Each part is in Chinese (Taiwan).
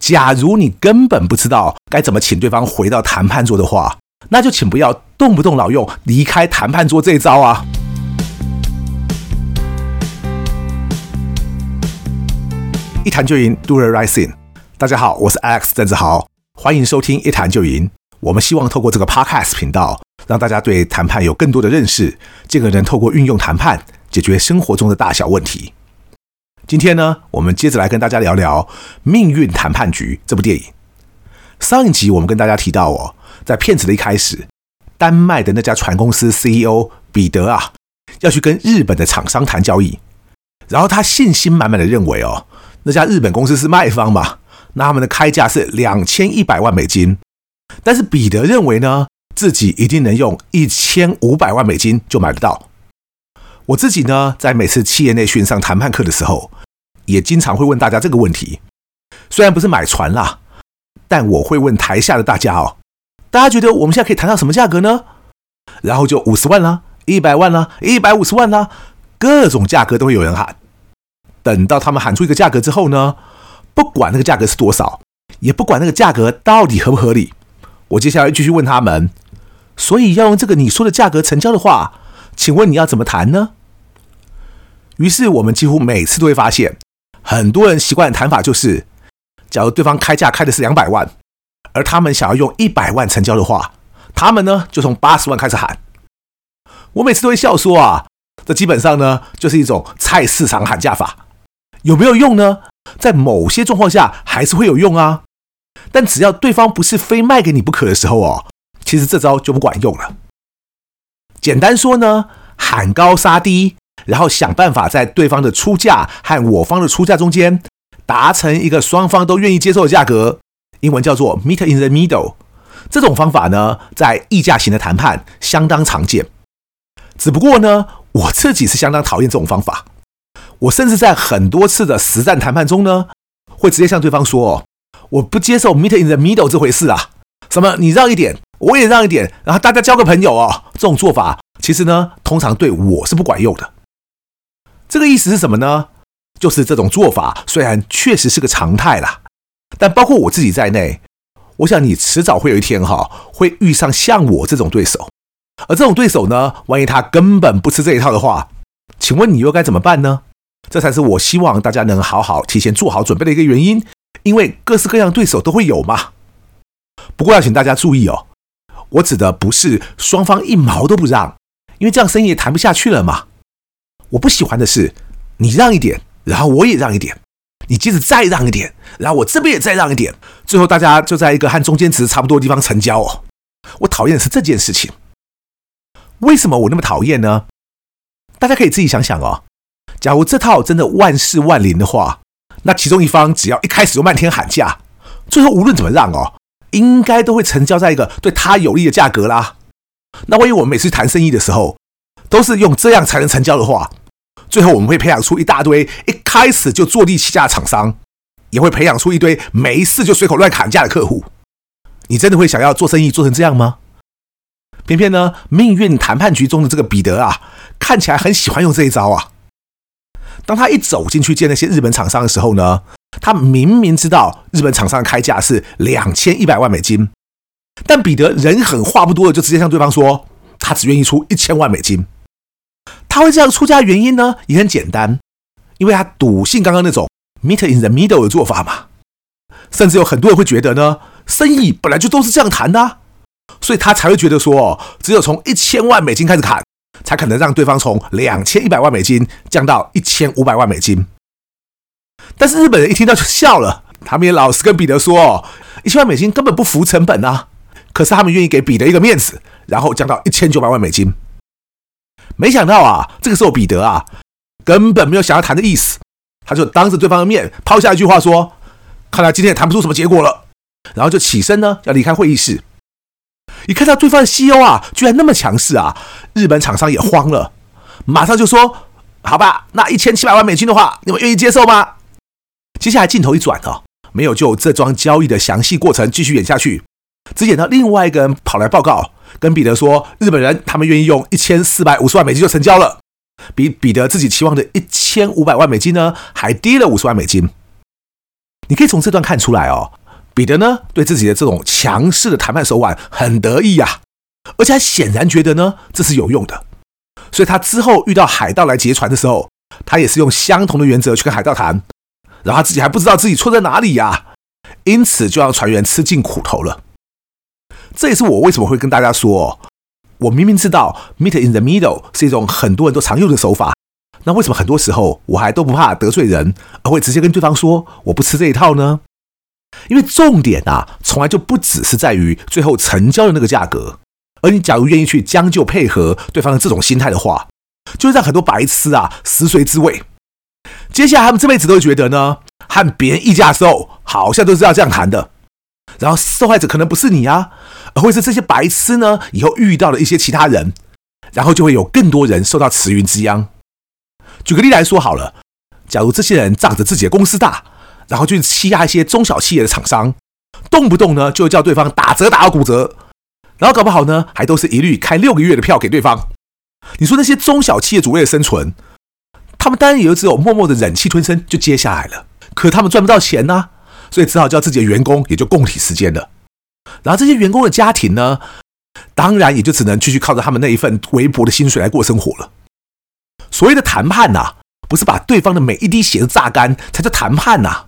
假如你根本不知道該怎麼請對方回到談判桌的話，那就請不要動不動老用“離開談判桌”這一招啊！一談就贏，Do the right thing。大家好，我是 Alex 鄭志豪，歡迎收聽一談就贏。我們希望透過這個 Podcast 頻道，讓大家對談判有更多的認識，進而能透過運用談判解決生活中的大小問題。今天呢，我們接着來跟大家聊聊《命運談判局》這部電影。上一集我們跟大家提到哦，在片子的一開始，丹麥的那家船公司 CEO 彼得啊，要去跟日本的廠商談交易，然後他信心滿滿的認為哦，那家日本公司是賣方嘛，那他們的開價是兩千一百萬美金，但是彼得認為呢，自己一定能用一千五百萬美金就買得到。我自己呢，在每次企業內訓上談判課的時候，也經常會問大家這個問題，雖然不是買船啦，但我會問台下的大家哦，大家覺得我們現在可以談到什麼價格呢？然後就五十萬啦，一百萬啦，一百五十萬啦，各種價格都會有人喊。等到他們喊出一個價格之後呢，不管那個價格是多少，也不管那個價格到底合不合理，我接下來繼續問他們。所以要用這個你說的價格成交的話，請問你要怎麼談呢？於是我們幾乎每次都會發現。很多人習慣的談法就是，假如對方開價開的是兩百萬，而他們想要用一百萬成交的話，他們呢就從八十萬開始喊。我每次都會笑說啊，這基本上呢就是一種菜市場喊價法，有沒有用呢？在某些狀況下還是會有用啊，但只要對方不是非賣給你不可的時候哦，其實這招就不管用了。簡單說呢，喊高殺低。然後想辦法在對方的出價和我方的出價中間達成一個雙方都願意接受的價格，英文叫做 “meet in the middle”。這種方法呢，在議價型的談判相當常見。只不過呢，我自己是相當討厭這種方法。我甚至在很多次的實戰談判中呢，會直接向對方說、哦：“我不接受 ‘meet in the middle’ 這回事啊！什麼你讓一點，我也讓一點，然後大家交個朋友哦。”這種做法其實呢，通常對我是不管用的。這個意思是什麼呢？就是這種做法雖然確實是個常態啦，但包括我自己在內，我想你遲早會有一天哈，會遇上像我這種對手。而這種對手呢，萬一他根本不吃這一套的話，請問你又該怎麼辦呢？這才是我希望大家能好好提前做好準備的一個原因，因為各式各樣對手都會有嘛。不過要請大家注意哦，我指的不是雙方一毛都不讓，因為這樣生意也談不下去了嘛。我不喜歡的是，你讓一點，然後我也讓一點，你接着再讓一點，然後我這邊也再讓一點，最後大家就在一個和中間值差不多的地方成交哦。我討厭的是這件事情。為什麼我那麼討厭呢？大家可以自己想想哦。假如這套真的萬試萬靈的話，那其中一方只要一開始就漫天喊價，最後無論怎麼讓哦，應該都會成交在一個對他有利的價格啦。那萬一我們每次談生意的時候都是用這樣才能成交的話，最後，我們會培養出一大堆一開始就坐地起價的廠商，也會培養出一堆沒事就隨口亂砍價的客戶。你真的會想要做生意做成這樣嗎？偏偏呢，命運談判局中的這個彼得啊，看起來很喜歡用這一招啊。當他一走進去見那些日本廠商的時候呢，他明明知道日本廠商開價是兩千一百萬美金，但彼得人狠話不多的，就直接向對方說，他只願意出一千萬美金。他會這樣出價的原因呢，也很簡單，因為他篤信剛剛那種 meet in the middle 的做法嘛。甚至有很多人會覺得呢，生意本來就都是這樣談的啊，所以他才會覺得說，只有從一千萬美金開始砍，才可能讓對方從兩千一百萬美金降到一千五百萬美金。但是日本人一聽到就笑了，他們也老實跟彼得說，一千萬美金根本不敷成本啊，可是他們願意給彼得一個面子，然後降到一千九百萬美金。沒想到啊，這個時候彼得啊，根本沒有想要談的意思，他就當着對方的面拋下一句話說：“看來今天也談不出什麼結果了。”然後就起身呢，要離開會議室。一看到對方的 CEO 啊，居然那麼強勢啊，日本廠商也慌了，馬上就說：“好吧，那一千七百萬美金的話，你們願意接受嗎？”接下來鏡頭一轉啊，沒有就這樁交易的詳細過程繼續演下去，只演到另外一個人跑來報告。跟彼得說，日本人他們願意用一千四百五十萬美金就成交了，比彼得自己期望的一千五百萬美金呢還低了五十萬美金。你可以從這段看出來哦，彼得呢對自己的這種強勢的談判手腕很得意呀、啊，而且還顯然覺得呢這是有用的，所以他之後遇到海盜來劫船的時候，他也是用相同的原則去跟海盜談，然後他自己還不知道自己錯在哪裡呀、啊，因此就讓船員吃盡苦頭了。這也是我為什麼會跟大家說，哦，我明明知道 meet in the middle 是一種很多人都常用的手法，那為什麼很多時候我還都不怕得罪人，而會直接跟對方說我不吃這一套呢？因為重點啊，從來就不只是在於最後成交的那個價格，而你假如願意去將就配合對方的這種心態的話，就會讓很多白痴啊食髓知味，接下來他們這輩子都覺得呢，和別人議價的時候好像都是要這樣談的。然後受害者可能不是你啊，而會是這些白痴呢。以後遇到了一些其他人，然後就會有更多人受到池魚之殃。舉個例來說好了，假如這些人仗着自己的公司大，然後去欺壓一些中小企業的廠商，動不動呢就會叫對方打折打到骨折，然後搞不好呢還都是一律開六個月的票給對方。你說那些中小企業主為了生存，他們當然也就只有默默的忍氣吞聲就接下來了。可他們賺不到錢呢、啊。所以只好叫自己的員工也就共體時艱了，然後這些員工的家庭呢，當然也就只能繼續靠着他們那一份微薄的薪水來過生活了。所謂的談判吶、啊，不是把對方的每一滴血都榨乾才叫談判吶。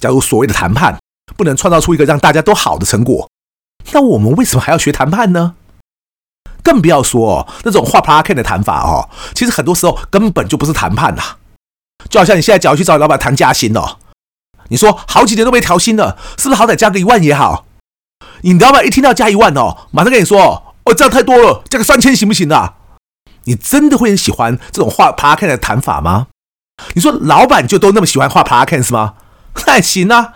假如所謂的談判不能創造出一個讓大家都好的成果，那我們為什麼還要學談判呢？更不要說、哦、那種畫 p a k n 的談法哦，其實很多時候根本就不是談判吶、啊。就好像你現在只要去找老板談加薪哦。你說好幾年都沒調薪了，是不是好歹加個一萬也好？你老闆一聽到加一萬哦，馬上跟你說哦，這樣太多了，加個三千行不行啊？你真的會很喜歡這種畫 Parking 的談法嗎？你說老闆就都那麼喜歡畫 Parking 是嗎？那行啊。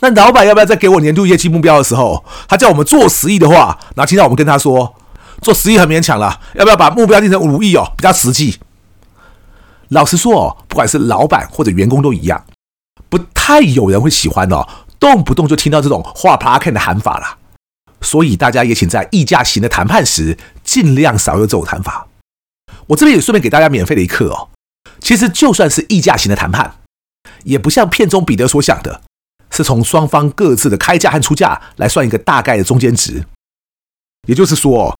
那老闆要不要在給我年度業績目標的時候，他叫我們做十億的話，然後聽到我們跟他說做十億很勉強了，要不要把目標定成五億哦，比較實際？老實說哦，不管是老闆或者員工都一樣。不太有人會喜歡哦，動不動就聽到這種畫 p a 的喊法啦，所以大家也請在議價型的談判時盡量少有這種談法。我這邊也順便給大家免費的一課哦。其實就算是議價型的談判，也不像片中彼得所想的，是從雙方各自的開價和出價來算一個大概的中間值。也就是說，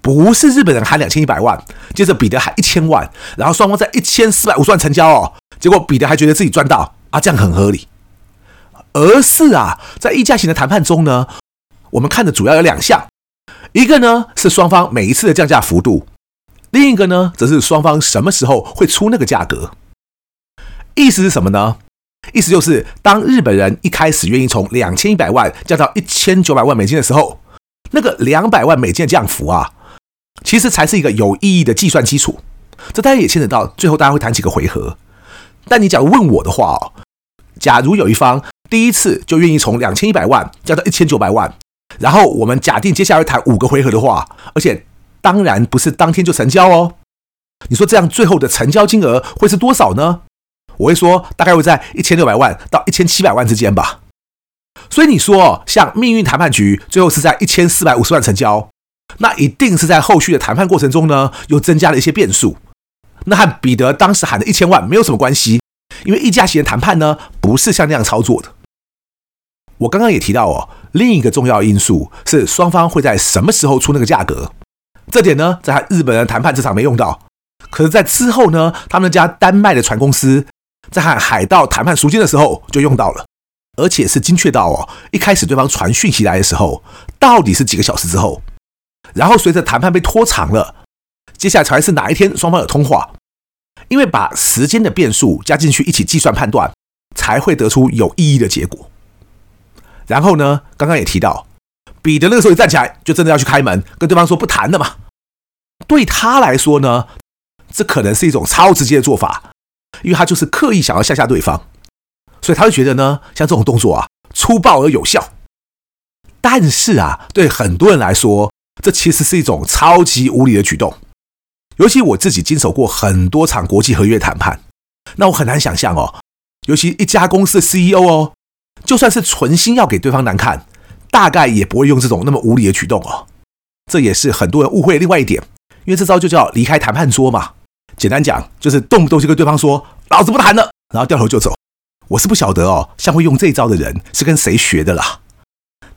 不是日本人喊兩千一百萬，接着彼得喊一千萬，然後雙方在一千四百五十萬成交哦，結果彼得還覺得自己賺到，這樣很合理，而是啊，在議價型的談判中呢，我們看的主要有兩項，一個呢是雙方每一次的降價幅度，另一個呢則是雙方什麼時候會出那個價格。意思是什麼呢？意思就是，當日本人一開始願意從兩千一百萬降到一千九百萬美金的時候，那個兩百萬美金的降幅啊，其實才是一個有意義的計算基礎。這大家也牽扯到最後，大家會談幾個回合。但你假如問我的話哦。假如有一方第一次就願意從兩千一百萬降到一千九百萬，然後我們假定接下來談五個回合的話，而且當然不是當天就成交哦。你說這樣最後的成交金額會是多少呢？我會說大概會在一千六百萬到一千七百萬之間吧。所以你說像命運談判局最後是在一千四百五十萬成交，那一定是在後續的談判過程中呢，又增加了一些變數，那和彼得當時喊的一千萬沒有什麼關係。因為議價型的談判呢，不是像那樣操作的。我剛剛也提到哦，另一個重要因素是雙方會在什麼時候出那個價格。這點呢，在和日本人談判這場沒用到，可是在之後呢，他們家丹麥的船公司在和海盜談判贖金的時候就用到了，而且是精確到哦，一開始對方傳訊息來的時候到底是幾個小時之後，然後隨着談判被拖長了，接下來才是哪一天雙方有通話。因為把時間的變數加進去一起計算判斷，才會得出有意義的結果。然後呢，剛剛也提到，彼得那個時候一站起來，就真的要去開門，跟對方說不談了嘛。對他來說呢，這可能是一種超直接的做法，因為他就是刻意想要嚇嚇對方，所以他會覺得呢，像這種動作啊，粗暴而有效。但是啊，對很多人來說，這其實是一種超級無禮的舉動。尤其我自己經手過很多場國際合約談判，那我很難想象哦。尤其一家公司的 CEO 哦，就算是存心要給對方難看，大概也不會用這種那麼無理的舉動哦。這也是很多人誤會的另外一點，因為這招就叫離開談判桌嘛。簡單講，就是動不動就跟對方說“老子不談了”，然後掉頭就走。我是不曉得哦，像會用這招的人是跟誰學的啦。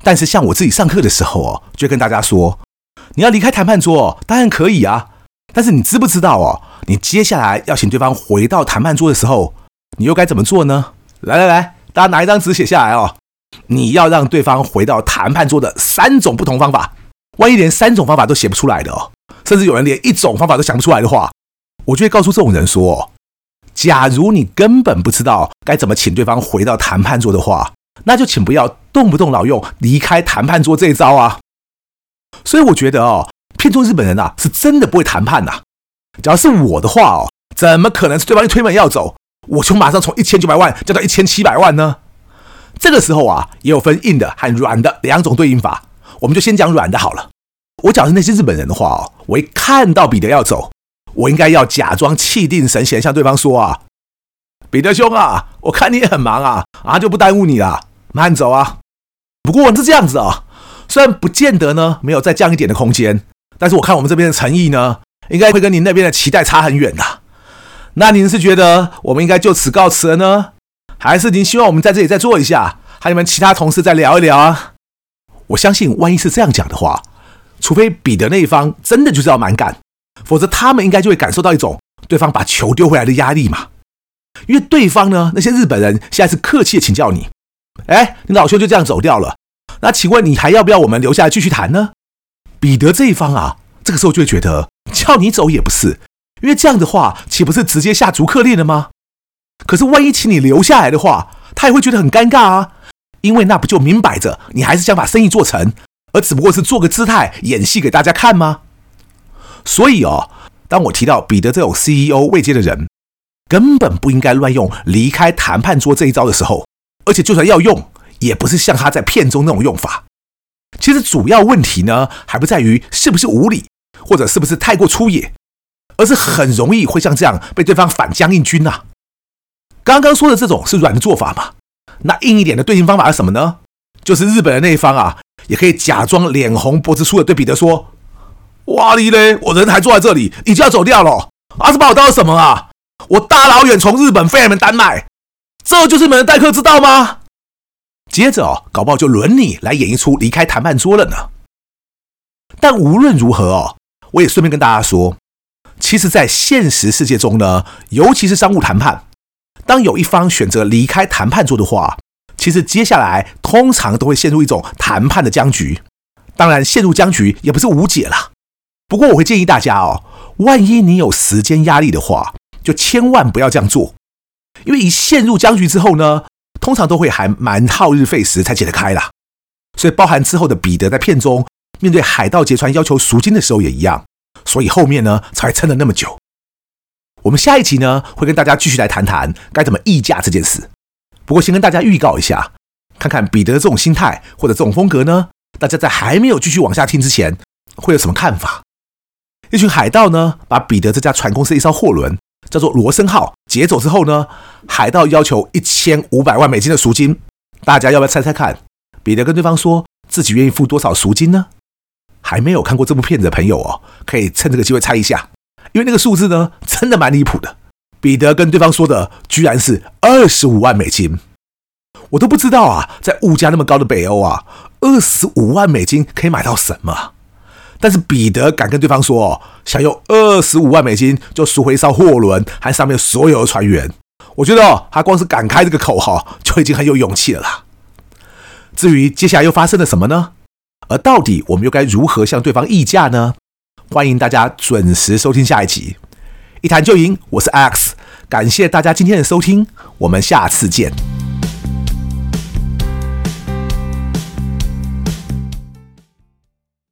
但是像我自己上課的時候哦，就會跟大家說，你要離開談判桌，當然可以啊。但是你知不知道哦？你接下來要請對方回到談判桌的時候，你又該怎麼做呢？來來來，大家拿一張紙寫下來哦。你要讓對方回到談判桌的三種不同方法。萬一連三種方法都寫不出來的哦，甚至有人連一種方法都想不出來的話，我就會告訴這種人說哦，假如你根本不知道該怎麼請對方回到談判桌的話，那就請不要動不動老用離開談判桌這一招啊。所以我覺得哦。片中日本人啊，是真的不會談判吶、啊。假如是我的話哦，怎麼可能是對方一推門要走，我就馬上從一千九百萬降到一千七百萬呢？這個時候啊，也有分硬的和軟的兩種對應法。我們就先講軟的好了。我假如是那些日本人的話哦，我一看到彼得要走，我應該要假裝氣定神閒，向對方說啊：“彼得兄啊，我看你也很忙啊，啊就不耽誤你了，慢走啊。”不過是這樣子啊、哦，雖然不見得呢，沒有再降一點的空間。但是我看我們這邊的誠意呢，應該會跟您那邊的期待差很遠的。那您是覺得我們應該就此告辭了呢，還是您希望我們在這裡再坐一下，還有你們其他同事再聊一聊啊？我相信，萬一是這樣講的話，除非彼得那一方真的就是要蠻幹，否則他們應該就會感受到一種對方把球丟回來的壓力嘛。因為對方呢，那些日本人現在是客氣的，請教你，哎，你老兄就這樣走掉了，那請問你還要不要我們留下來繼續談呢？彼得這一方啊，這個時候就會覺得叫你走也不是，因為這樣的話豈不是直接下逐客令了嗎？可是萬一請你留下來的話，他也會覺得很尷尬啊，因為那不就明擺着你還是想把生意做成，而只不過是做個姿態演戲給大家看嗎？所以哦，當我提到彼得這種 CEO 位階的人根本不應該亂用離開談判桌這一招的時候，而且就算要用，也不是像他在片中那種用法。其實主要問題呢，還不在於是不是無禮，或者是不是太過粗野，而是很容易會像這樣被對方反將一軍吶、啊。剛剛說的這種是軟的做法嘛？那硬一點的對應方法是什麼呢？就是日本的那一方啊，也可以假裝臉紅脖子粗的對彼得說：“哇哩嘞，我人還坐在這裡，你就要走掉了？阿、啊、這把我當什麼啊？我大老遠從日本飛來丹麥，這就是你們的待客之道嗎？”接着哦，搞不好就輪你來演一齣離開談判桌了呢。但無論如何哦，我也順便跟大家說，其實，在現實世界中呢，尤其是商務談判，當有一方選擇離開談判桌的話，其實接下來通常都會陷入一種談判的僵局。當然，陷入僵局也不是無解啦。不過，我會建議大家哦，萬一你有時間壓力的話，就千萬不要這樣做，因為一陷入僵局之後呢。通常都會還蠻耗日費時才解得開啦，所以包含之後的彼得在片中面對海盜劫船要求贖金的時候也一樣，所以後面呢才撐了那麼久。我們下一集呢會跟大家繼續來談談該怎麼議價這件事。不過先跟大家預告一下，看看彼得的這種心態或者這種風格呢，大家在還沒有繼續往下聽之前會有什麼看法？一群海盜呢把彼得這家船公司的一艘貨輪叫做羅森號，劫走之後呢，海盜要求一千五百萬美金的贖金。大家要不要猜猜看？彼得跟對方說自己願意付多少贖金呢？還沒有看過這部片子的朋友哦，可以趁這個機會猜一下。因為那個數字呢，真的蠻離譜的。彼得跟對方說的居然是二十五萬美金，我都不知道啊，在物價那麼高的北歐啊，二十五萬美金可以買到什麼？但是彼得敢跟對方說哦，想用二十五萬美金就贖回一艘貨輪還上面所有的船員，我覺得哦，他光是敢開這個口號，就已經很有勇氣了啦。至於接下來又發生了什麼呢？而到底我們又該如何向對方議價呢？歡迎大家準時收聽下一集《一談就贏》，我是 Alex，感謝大家今天的收聽，我們下次見。